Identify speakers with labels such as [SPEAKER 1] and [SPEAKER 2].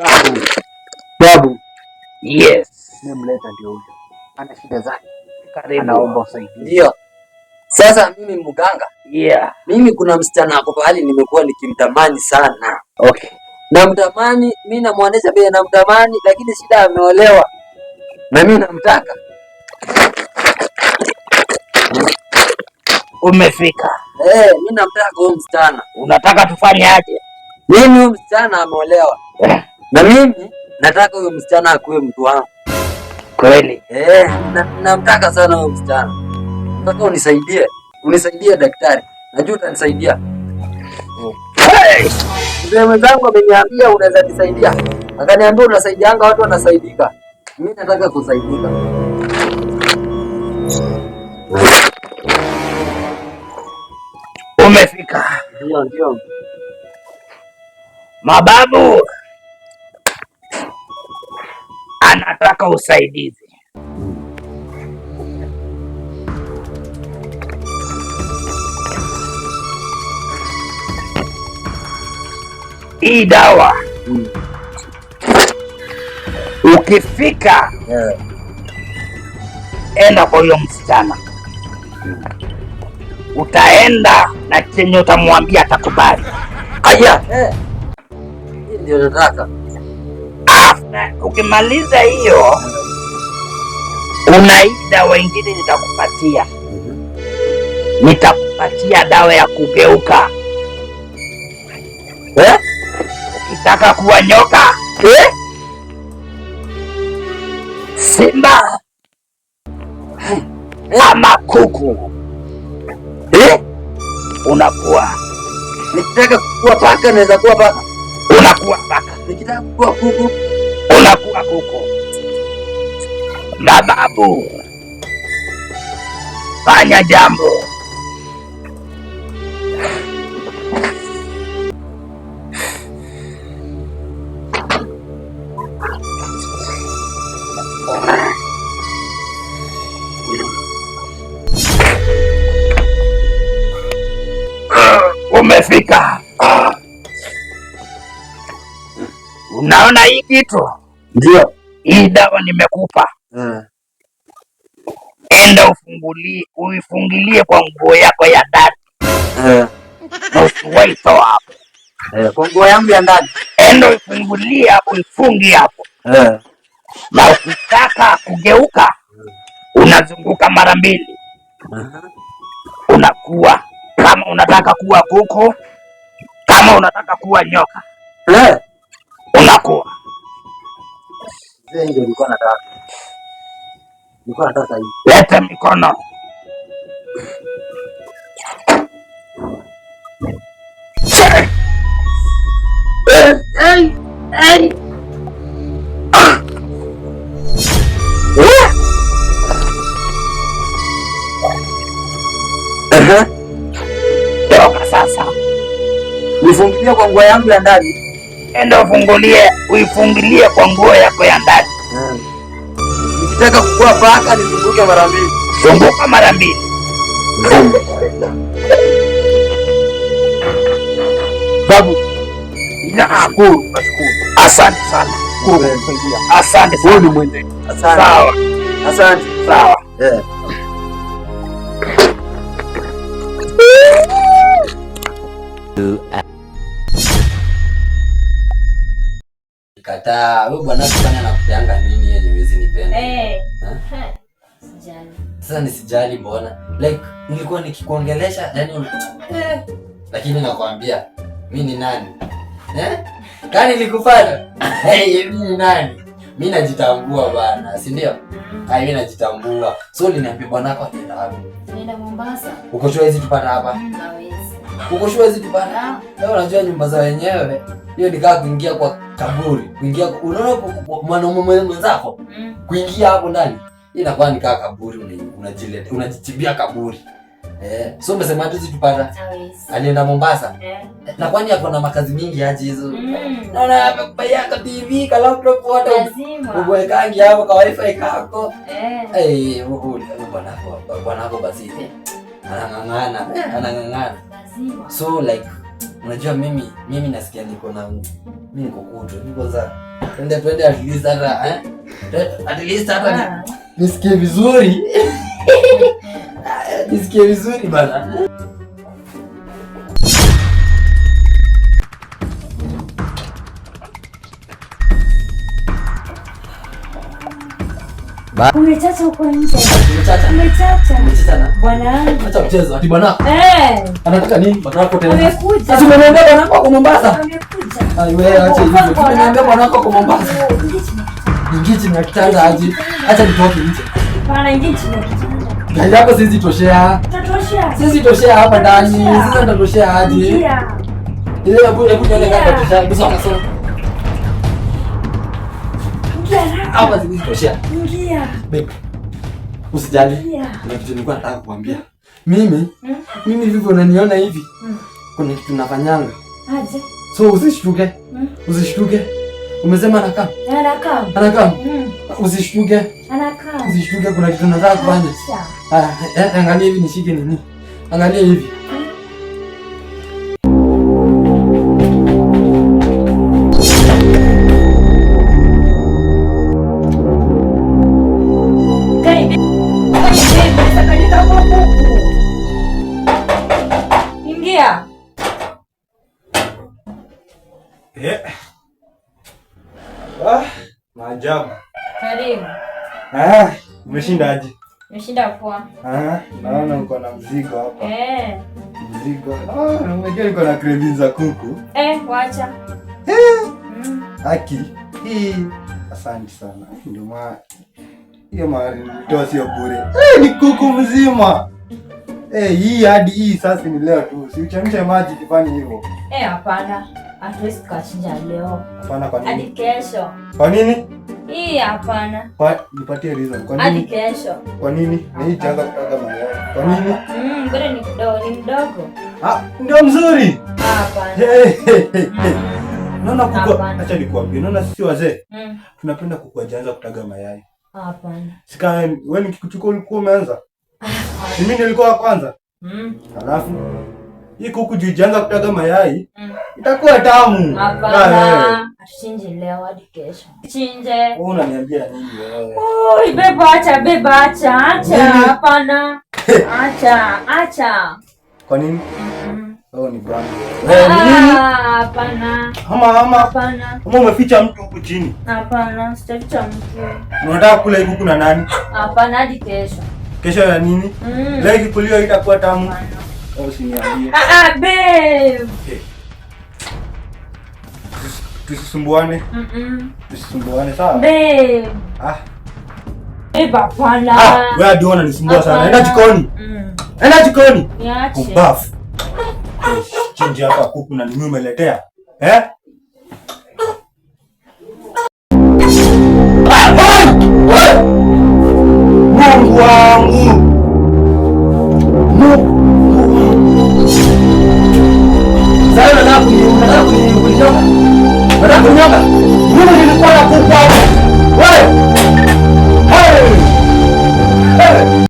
[SPEAKER 1] Babu. Babu. Yes.
[SPEAKER 2] Nimemleta ndio huyo. Ana shida zake. Karibu. Anaomba usaidizi.
[SPEAKER 1] Ndio. Sasa mimi mganga. Yeah. Mimi kuna msichana hapo pahali nimekuwa nikimtamani sana. Okay. Namtamani, mimi namwonesha pia namtamani, lakini shida ameolewa. Na mimi namtaka.
[SPEAKER 2] Umefika.
[SPEAKER 1] Eh, hey, mimi namtaka huyo msichana.
[SPEAKER 2] Unataka tufanye aje?
[SPEAKER 1] Mimi huyo msichana ameolewa. Eh. Na mimi nataka huyo msichana akuwe mtu wangu kweli. Eh, namtaka na sana huyo msichana. Nataka unisaidie, unisaidie daktari, najua utanisaidia. Hey! Mzee mwenzangu ameniambia unaweza nisaidia, akaniambia unasaidianga watu wanasaidika. Mimi nataka kusaidika. Umefika. Ndio, ndio. Mababu nataka usaidizi. Hii dawa Ukifika yeah. Enda kwa huyo msichana Utaenda na chenye utamwambia atakubali. Aya, eh,
[SPEAKER 2] ndio nataka
[SPEAKER 1] na ukimaliza hiyo una dawa ingine nitakupatia, mhm. nitakupatia dawa ya kugeuka eh? Ukitaka kuwa nyoka eh? simba ama kuku eh? unakuwa
[SPEAKER 2] nikitaka kuwa paka naweza kuwa paka,
[SPEAKER 1] unakuwa paka.
[SPEAKER 2] Nikitaka kuwa kuku
[SPEAKER 1] unakuwa kuku na babu. Fanya jambo umefika. Unaona hii kitu? Ndio. Hii dawa nimekupa mm. Enda ufungulie, uifungilie kwa nguo yako ya ndani mm. Na usiwahi hapo
[SPEAKER 2] mm. Kwa nguo yangu ya ndani,
[SPEAKER 1] enda uifungulie hapo, ifungi hapo ah. Na ukitaka kugeuka unazunguka mara mbili mm Unakuwa kama unataka kuwa kuku, kama unataka kuwa nyoka Lete mikono. Toka sasa,
[SPEAKER 2] nifungilie kwa nguo yangu ya ndani
[SPEAKER 1] enda ufungulie, uifungilie kwa nguo yako ya ndani.
[SPEAKER 2] Nikitaka kukua paka nizunguke mara mbili.
[SPEAKER 1] Zunguka mara mbili. Babu, nashukuru, nashukuru. Asante sana. Asante sana. Sawa. Asante. Sawa. Yeah.
[SPEAKER 2] Kataa wewe bwana, kufanya na nini yenye wezi nipenda?
[SPEAKER 3] Eh. Sijali.
[SPEAKER 2] Sasa nisijali mbona? Like nilikuwa nikikuongelesha yani eh. Lakini nakwambia mimi ni nani? Eh? Kani nilikufata? Hey, mimi ni nani? Mimi najitambua bwana, si ndio? Hai, mm. mimi najitambua. So ninaambia bwanako ataenda wapi?
[SPEAKER 3] Nenda Mombasa.
[SPEAKER 2] Uko sure hizi tupata hapa?
[SPEAKER 3] Naweza.
[SPEAKER 2] Mm, Uko sure hizi tupata? Leo unajua nyumba za wenyewe hiyo ni kama kuingia kwa kaburi, kuingia unaona mwanaume mwenzako mm. kuingia hapo ndani inakuwa ni kama kaburi, unajiletea unajitibia kaburi. Eh, so umesema tu zitupata Alienda Mombasa. Yeah. Eh, na kwani ako na makazi mingi aje hizo? Mm. Naona amekubaia ka TV, ka laptop wote. ubwe kangi hapo kwa wifi kako. Eh. Eh, huko bwana hapo bwana hapo basi. Eh, anang'ang'ana, eh, anang'ang'ana. So like Unajua mimi mimi nasikia niko na mimi niko kutu. za twende twende at least hata eh? At least hata ah. nisikie vizuri. Ah, nisikie vizuri bana.
[SPEAKER 3] Umechacha huko nje.
[SPEAKER 2] Umechacha. Umechacha.
[SPEAKER 3] Umechacha. Bwana.
[SPEAKER 2] Acha kucheza. Ati bwana. Eh. Anataka nini? Bwana wako tena. Amekuja. Sasa umeniambia bwana wako kwa Mombasa.
[SPEAKER 3] Amekuja. Ai wewe acha hizo. Umeniambia bwana wako kwa Mombasa.
[SPEAKER 2] Ingie chini ya kitanda aje. Acha nitoke nje.
[SPEAKER 3] Bwana ingie chini ya kitanda.
[SPEAKER 2] Gari yako sisi toshea.
[SPEAKER 3] Tatoshea.
[SPEAKER 2] Sisi toshea hapa ndani. Sisi tutatoshea aje. Ile ya bure ya bure ile kaka toshea. Bisa kasoro hapa ziwezi toshea.
[SPEAKER 3] Ingia. Bebe. Usijali. Kuna
[SPEAKER 2] kitu nilikuwa nataka kukwambia. Mimi mm. mimi hivi unaniona hivi. Mm. Kuna kitu nafanyanga. Aje. So usishtuke. Mm. Usishtuke. Umesema anakaa. Anakaa. Anakaa. Mm. Usishtuke. Anakaa. Usishtuke, kuna kitu nataka kufanya. Ah, eh, eh, angalia hivi nishike nini? Angalia hivi. Yeah. Ah, maajabu. Karibu. Ah, umeshindaje?
[SPEAKER 3] Umeshinda poa.
[SPEAKER 2] Ah, naona uko na mzigo hapa. Eh. Mzigo. Ah, umejua uko na cravings za kuku.
[SPEAKER 3] Eh, wacha.
[SPEAKER 2] Eh. Mm. Aki. Hii. Asante sana. Ndio maana hiyo mahali nilitoa sio bure. Eh, ni kuku mzima. Eh, hii hadi hii sasa ni leo tu. Si uchemshe maji kifanye hivyo.
[SPEAKER 3] Eh, hapana hatuwezi ah, tukachinja leo. Hapana, kwa nini? Hadi kesho. Kwa nini? Hii hapana.
[SPEAKER 2] Kwa nipatie reason.
[SPEAKER 3] Kwa nini? Hadi kesho.
[SPEAKER 2] Kwa nini? Na hii itaanza kutaga mayai. Kwa nini?
[SPEAKER 3] Mm, ngoja ni kidogo, ni mdogo.
[SPEAKER 2] Ah, ndio mzuri. Hapana. Hey, hey, hey. Mm. Naona kuku, acha nikwambie. Naona sisi wazee mm, tunapenda kuku kutaga mayai.
[SPEAKER 3] Hapana.
[SPEAKER 2] Sika wewe nikikuchukua ulikuwa umeanza. Ah, Mimi nilikuwa wa kwanza. Mm. Alafu hii kuku jijanga ijaanza kutaga mayai mm. itakuwa tamu.
[SPEAKER 3] Hapana, eh. tuchinje leo hadi kesho. Tuchinje. Wewe
[SPEAKER 2] unaniambia nini wewe?
[SPEAKER 3] Oh, beba acha, beba acha, acha. Hapana. Acha, acha.
[SPEAKER 2] Kwa nini? Wewe ni brand. Wewe ni nini? Ah,
[SPEAKER 3] hapana. Hama hama. Hapana.
[SPEAKER 2] Kama umeficha mtu huku chini.
[SPEAKER 3] Hapana, sijaficha mtu.
[SPEAKER 2] Unataka kula hii kuku na nani?
[SPEAKER 3] Hapana, hadi kesho.
[SPEAKER 2] Kesho ya nini? Mm. Leo ikikuliwa itakuwa tamu. Hapana. Tusisumbuane, tusisumbuane sawa? Unanisumbua sana. Enda jikoni, enda jikoni, pumbafu. Chinja hapa kuku na nimeletea eh? Ah,